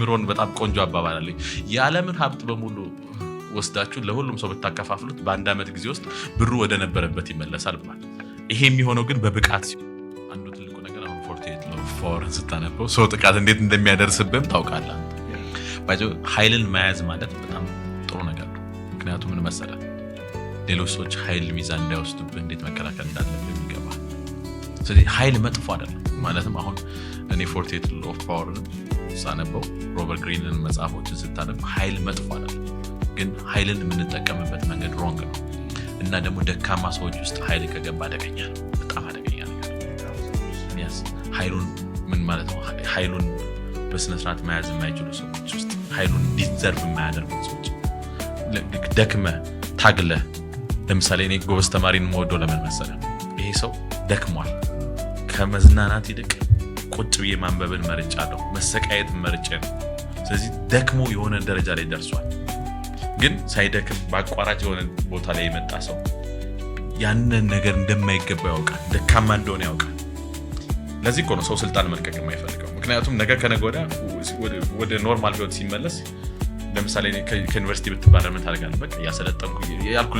ምሮን በጣም ቆንጆ አባባል አለኝ። የዓለምን ሀብት በሙሉ ወስዳችሁ ለሁሉም ሰው ብታከፋፍሉት በአንድ ዓመት ጊዜ ውስጥ ብሩ ወደ ነበረበት ይመለሳል ብሏል። ይሄ የሚሆነው ግን በብቃት ሲሆን፣ አንዱ ትልቁ ነገር አሁን ፎርቲ ኤይት ሎው ኦፍ ፓወርን ስታነበው ሰው ጥቃት እንዴት እንደሚያደርስብህም ታውቃለህ። ኃይልን መያዝ ማለት በጣም ጥሩ ነገር ነው። ምክንያቱም ምን መሰለህ ሌሎች ሰዎች ኃይል ሚዛን እንዳይወስዱብህ እንዴት መከላከል እንዳለብህ የሚገባ ስለዚህ ኃይል መጥፎ አይደለም ማለትም አሁን እኔ ፎርቲ ኤይት ሎው ኦፍ ፓወርን ሳነበው ሮበርት ግሪንን መጽሐፎችን ስታነብ ኃይል መጥፎ አይደለም፣ ግን ኃይልን የምንጠቀምበት መንገድ ሮንግ ነው እና ደግሞ ደካማ ሰዎች ውስጥ ኃይል ከገባ አደገኛ ነው፣ በጣም አደገኛ ነገር። ኃይሉን ምን ማለት ነው? ኃይሉን በስነስርዓት መያዝ የማይችሉ ሰዎች ውስጥ ኃይሉን እንዲዘርፍ የማያደርጉ ሰዎች ደክመ ታግለ ለምሳሌ እኔ ጎበዝ ተማሪን መወዶ ለምን መሰለ ይሄ ሰው ደክሟል ከመዝናናት ይልቅ ቁጭ ብዬ ማንበብን መርጫ መርጫለሁ፣ መሰቃየት መርጬ ነው። ስለዚህ ደክሞ የሆነ ደረጃ ላይ ደርሷል። ግን ሳይደክም በአቋራጭ የሆነ ቦታ ላይ የመጣ ሰው ያንን ነገር እንደማይገባ ያውቃል፣ ደካማ እንደሆነ ያውቃል። ለዚህ እኮ ነው ሰው ስልጣን መልቀቅ የማይፈልገው። ምክንያቱም ነገ ከነገ ወዲያ ወደ ኖርማል ህይወት ሲመለስ ለምሳሌ ከዩኒቨርሲቲ ብትባረር ምን ታደርጋለህ? በቃ እያሰለጠንኩ ያልኩ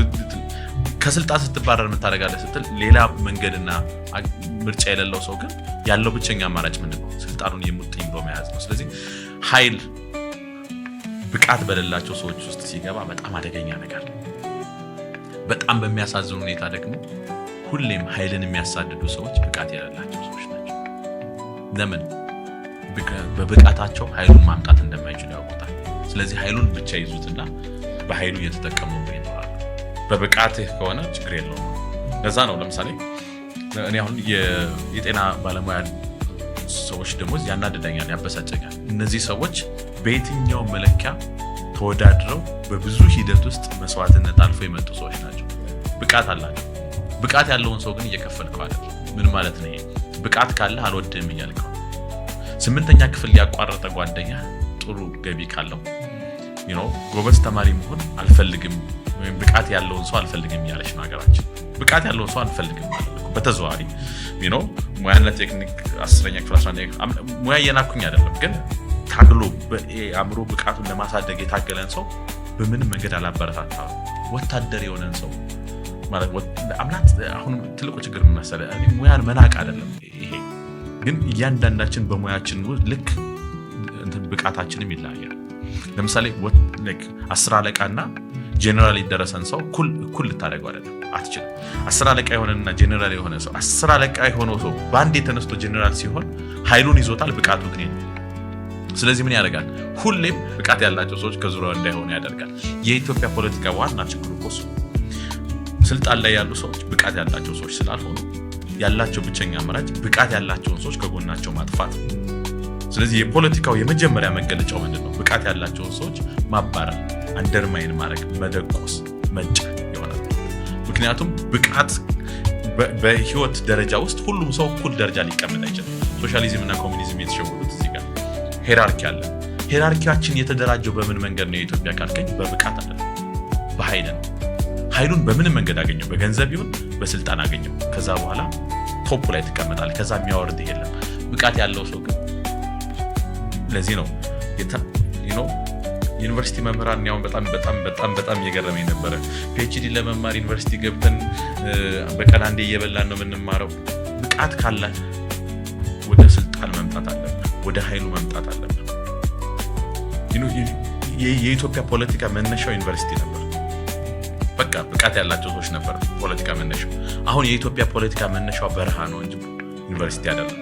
ከስልጣን ስትባረር የምታደርጋለህ ስትል ሌላ መንገድና ምርጫ የሌለው ሰው ግን ያለው ብቸኛ አማራጭ ምንድን ነው? ስልጣኑን የሙጥኝ ብሎ መያዝ ነው። ስለዚህ ኃይል ብቃት በሌላቸው ሰዎች ውስጥ ሲገባ በጣም አደገኛ ነገር፣ በጣም በሚያሳዝን ሁኔታ ደግሞ ሁሌም ኃይልን የሚያሳድዱ ሰዎች ብቃት የሌላቸው ሰዎች ናቸው። ለምን? በብቃታቸው ኃይሉን ማምጣት እንደማይችሉ ያውቁታል። ስለዚህ ኃይሉን ብቻ ይዙትና በኃይሉ እየተጠቀሙ በብቃትህ ከሆነ ችግር የለውም። ለዛ ነው ለምሳሌ እኔ አሁን የጤና ባለሙያ ሰዎች ደግሞ ያናደዳኛል፣ ያበሳጨኛል። እነዚህ ሰዎች በየትኛው መለኪያ ተወዳድረው በብዙ ሂደት ውስጥ መስዋዕትነት አልፎ የመጡ ሰዎች ናቸው። ብቃት አላቸው። ብቃት ያለውን ሰው ግን እየከፈልከው አለ። ምን ማለት ነው ብቃት ካለህ አልወድህም እያልከው። ስምንተኛ ክፍል ያቋረጠ ጓደኛ ጥሩ ገቢ ካለው ጎበዝ ተማሪ መሆን አልፈልግም ወይም ብቃት ያለውን ሰው አልፈልግም እያለች ነው ሀገራችን። ብቃት ያለውን ሰው አልፈልግም ማለት ነው። በተዘዋዋሪ ነው ሙያና ቴክኒክ አስረኛ ክፍል አስራ ሙያ እየናኩኝ አይደለም፣ ግን ታግሎ አእምሮ ብቃቱን ለማሳደግ የታገለን ሰው በምንም መንገድ አላበረታታ። ወታደር የሆነን ሰው አምናት አሁን ትልቁ ችግር ምን ሙያን መናቅ አይደለም ይሄ ግን እያንዳንዳችን በሙያችን ልክ ብቃታችንም ይለያል። ለምሳሌ አስር አለቃና ጀኔራል የደረሰን ሰው እኩል ልታደርገው አይደለም አትችልም። አስር አለቃ የሆነና ጀኔራል የሆነ ሰው አስር አለቃ የሆነው ሰው በአንድ የተነስቶ ጀኔራል ሲሆን ኃይሉን ይዞታል፣ ብቃቱ ግን የለም። ስለዚህ ምን ያደርጋል? ሁሌም ብቃት ያላቸው ሰዎች ከዙሪያው እንዳይሆኑ ያደርጋል። የኢትዮጵያ ፖለቲካ ዋና ችግሩ እኮ ስልጣን ላይ ያሉ ሰዎች ብቃት ያላቸው ሰዎች ስላልሆኑ ያላቸው ብቸኛ አማራጭ ብቃት ያላቸውን ሰዎች ከጎናቸው ማጥፋት። ስለዚህ የፖለቲካው የመጀመሪያ መገለጫው ምንድን ነው? ብቃት ያላቸውን ሰዎች ማባረር። አንደርማይን ማድረግ፣ መደቆስ፣ መጭ ይሆናል። ምክንያቱም ብቃት በህይወት ደረጃ ውስጥ ሁሉም ሰው እኩል ደረጃ ሊቀመጥ አይችልም። ሶሻሊዝም እና ኮሚኒዝም የተሸወዱት እዚህ ጋር ሄራርኪ አለ። ሄራርኪያችን የተደራጀው በምን መንገድ ነው? የኢትዮጵያ ካልከኝ በብቃት አለ፣ በኃይል ነው። ኃይሉን በምንም መንገድ አገኘው፣ በገንዘብ ይሁን በስልጣን አገኘው። ከዛ በኋላ ቶፕ ላይ ትቀመጣል። ከዛ የሚያወርድ የለም። ብቃት ያለው ሰው ግን ለዚህ ነው ዩኒቨርሲቲ መምህራን ያውን በጣም በጣም በጣም በጣም እየገረመኝ ነበረ። ፒኤችዲ ለመማር ዩኒቨርሲቲ ገብተን በቀን አንዴ እየበላን ነው የምንማረው። ብቃት ካለ ወደ ስልጣን መምጣት አለብን፣ ወደ ኃይሉ መምጣት አለብን። የኢትዮጵያ ፖለቲካ መነሻው ዩኒቨርሲቲ ነበር። በቃ ብቃት ያላቸው ሰዎች ነበር ፖለቲካ መነሻው። አሁን የኢትዮጵያ ፖለቲካ መነሻው በረሃ ነው እንጂ ዩኒቨርሲቲ አይደለም፣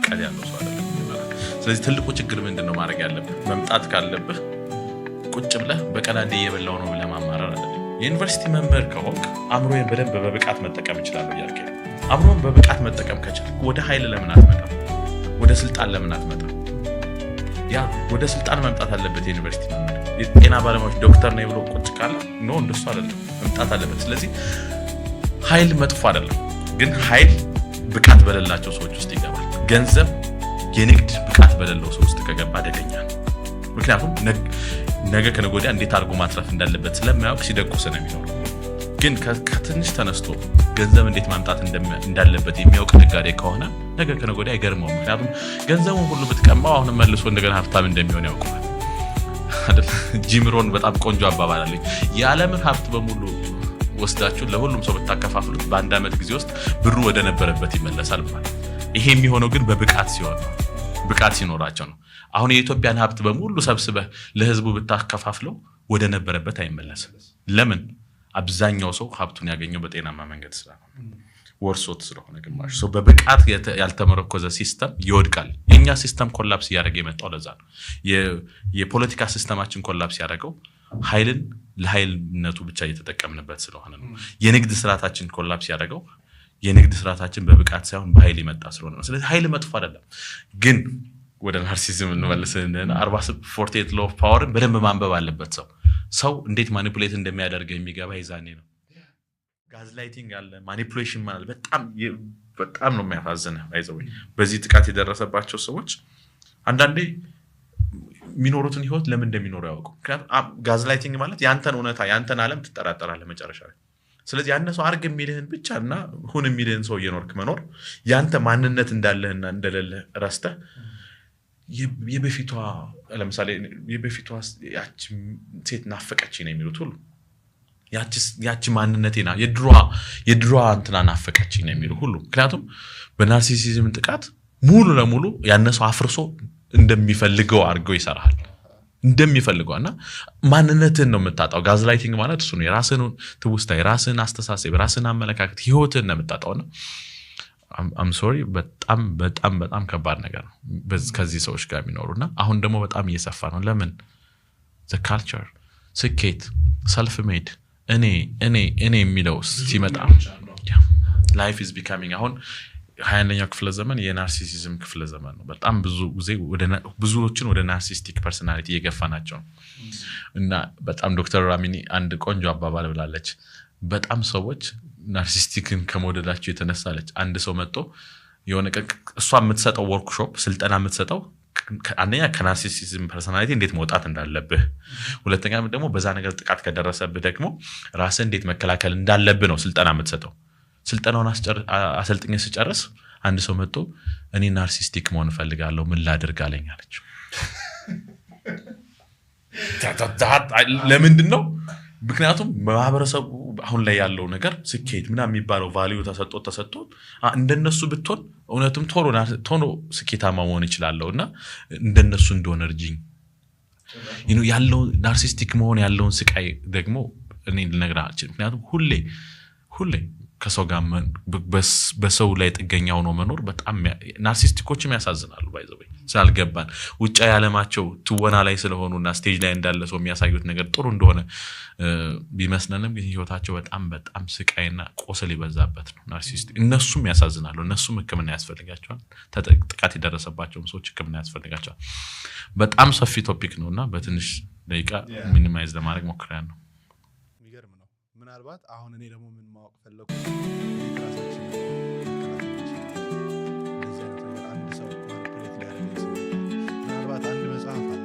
ብቃት ያለው ሰው አይደለም። ስለዚህ ትልቁ ችግር ምንድን ነው ማድረግ ያለብህ መምጣት ካለብህ ቁጭ ብለህ በቀላዴ እየበላው ነው ብለህ ማማረር አለ። የዩኒቨርሲቲ መምህር ከሆንክ አእምሮን በደንብ በብቃት መጠቀም ይችላሉ እያልክ አእምሮን በብቃት መጠቀም ከቻልክ ወደ ኃይል ለምን አትመጣም? ወደ ስልጣን ለምን አትመጣም? ያ ወደ ስልጣን መምጣት አለበት። የዩኒቨርሲቲ መምህር የጤና ባለሙያዎች ዶክተር ነው ብሎ ቁጭ ካለ ኖ እንደሱ አይደለም መምጣት አለበት። ስለዚህ ኃይል መጥፎ አይደለም፣ ግን ኃይል ብቃት በሌላቸው ሰዎች ውስጥ ይገባል። ገንዘብ የንግድ ብቃት በሌለው ሰው ውስጥ ከገባ አደገኛ ነው። ምክንያቱም ነገ ከነገ ወዲያ እንዴት አድርጎ ማትረፍ እንዳለበት ስለማያውቅ ሲደቁስ ነው የሚኖሩ። ግን ከትንሽ ተነስቶ ገንዘብ እንዴት ማምጣት እንዳለበት የሚያውቅ ነጋዴ ከሆነ ነገ ከነገ ወዲያ አይገርመው። ምክንያቱም ገንዘቡን ሁሉ ብትቀማው አሁንም መልሶ እንደገና ሀብታም እንደሚሆን ያውቀዋል። ጂምሮን በጣም ቆንጆ አባባል አለኝ። የዓለምን ሀብት በሙሉ ወስዳችሁ ለሁሉም ሰው ብታከፋፍሉት በአንድ ዓመት ጊዜ ውስጥ ብሩ ወደ ነበረበት ይመለሳል ብሏል። ይሄ የሚሆነው ግን በብቃት ሲሆን ብቃት ሲኖራቸው ነው። አሁን የኢትዮጵያን ሀብት በሙሉ ሰብስበህ ለህዝቡ ብታከፋፍለው ወደ ነበረበት አይመለስም። ለምን? አብዛኛው ሰው ሀብቱን ያገኘው በጤናማ መንገድ ስራ ወርሶት ስለሆነ ግማሽ ሰው በብቃት ያልተመረኮዘ ሲስተም ይወድቃል። የእኛ ሲስተም ኮላፕስ እያደረገ የመጣው ለዛ ነው። የፖለቲካ ሲስተማችን ኮላፕስ ያደረገው ኃይልን ለኃይልነቱ ብቻ እየተጠቀምንበት ስለሆነ ነው። የንግድ ስርዓታችን ኮላፕስ ያደረገው የንግድ ስርዓታችን በብቃት ሳይሆን በኃይል የመጣ ስለሆነ ነው። ስለዚህ ኃይል መጥፎ አይደለም ግን ወደ ናርሲዝም እንመልስህን ሎ ፓወርን በደንብ ማንበብ አለበት ሰው ሰው እንዴት ማኒፑሌት እንደሚያደርገ የሚገባ ይዛኔ ነው። ጋዝላይቲንግ አለ፣ ማኒፕሌሽን ማለት በጣም ነው የሚያሳዝነ ይዘ በዚህ ጥቃት የደረሰባቸው ሰዎች አንዳንዴ የሚኖሩትን ህይወት ለምን እንደሚኖሩ ያውቁ። ምክንያቱም ጋዝላይቲንግ ማለት ያንተን እውነታ ያንተን አለም ትጠራጠራለ መጨረሻ ላይ። ስለዚህ ያነ ሰው አርግ የሚልህን ብቻ እና ሁን የሚልህን ሰው እየኖርክ መኖር ያንተ ማንነት እንዳለህና እንደሌለህ ረስተህ የበፊቷ ለምሳሌ የበፊቷ ያች ሴት ናፈቀች ነው የሚሉት ሁሉ ያቺ ማንነቴ ና የድሯ እንትና ናፈቀች ነው የሚሉ ሁሉ ምክንያቱም በናርሲሲዝም ጥቃት ሙሉ ለሙሉ ያነሰው አፍርሶ እንደሚፈልገው አድርገው ይሰራል። እንደሚፈልገው እና ማንነትን ነው የምታጣው። ጋዝላይቲንግ ማለት እሱ ነው። የራስን ትውስታ፣ የራስን አስተሳሰብ፣ የራስን አመለካከት ህይወትን ነው የምታጣው ነው አም ሶሪ በጣም በጣም በጣም ከባድ ነገር ነው ከዚህ ሰዎች ጋር የሚኖሩ እና አሁን ደግሞ በጣም እየሰፋ ነው። ለምን ካልቸር ስኬት ሰልፍ ሜድ እኔ እኔ እኔ የሚለው ሲመጣ ላይፍ ኢዝ ቢካሚንግ አሁን ሀያ አንደኛው ክፍለ ዘመን የናርሲሲዝም ክፍለ ዘመን ነው። በጣም ብዙ ጊዜ ብዙዎችን ወደ ናርሲስቲክ ፐርሶናሊቲ እየገፋ ነው እና በጣም ዶክተር ራሚኒ አንድ ቆንጆ አባባል ብላለች። በጣም ሰዎች ናርሲስቲክን ከመውደዳቸው የተነሳ አለች። አንድ ሰው መጥቶ የሆነ እሷ የምትሰጠው ወርክሾፕ ስልጠና የምትሰጠው አንደኛ ከናርሲሲዝም ፐርሶናሊቲ እንዴት መውጣት እንዳለብህ፣ ሁለተኛ ደግሞ በዛ ነገር ጥቃት ከደረሰብህ ደግሞ ራስህ እንዴት መከላከል እንዳለብህ ነው ስልጠና የምትሰጠው። ስልጠናውን አሰልጥኝ ስጨርስ አንድ ሰው መጥቶ እኔ ናርሲስቲክ መሆን እፈልጋለሁ ምን ላድርግ አለኝ አለች። ለምንድን ነው? ምክንያቱም ማህበረሰቡ አሁን ላይ ያለው ነገር ስኬት ምና የሚባለው ቫሊዩ ተሰጦ ተሰጥቶ እንደነሱ ብትሆን እውነትም ቶሎ ስኬታማ መሆን ይችላለው እና እንደነሱ እንደሆነ እርጅኝ ያለው ናርሲስቲክ መሆን ያለውን ስቃይ ደግሞ እኔ ልነግርህ አልችልም። ምክንያቱም ሁሌ ሁሌ ከሰው ጋር በሰው ላይ ጥገኛ ሆኖ መኖር በጣም ናርሲስቲኮችም ያሳዝናሉ። ባይዘበይ ስላልገባን ውጫ ያለማቸው ትወና ላይ ስለሆኑ እና ስቴጅ ላይ እንዳለ ሰው የሚያሳዩት ነገር ጥሩ እንደሆነ ቢመስለንም ግን ህይወታቸው በጣም በጣም ስቃይና ቆስል ይበዛበት ነው። ናርሲስቲ እነሱም ያሳዝናሉ። እነሱም ህክምና ያስፈልጋቸዋል። ጥቃት የደረሰባቸውም ሰዎች ህክምና ያስፈልጋቸዋል። በጣም ሰፊ ቶፒክ ነው እና በትንሽ ደቂቃ ሚኒማይዝ ለማድረግ ሞክሪያ ነው። ምናልባት አሁን እኔ ደግሞ ምን ማወቅ ፈለጉ ምናልባት አንድ መጽሐፍ አለ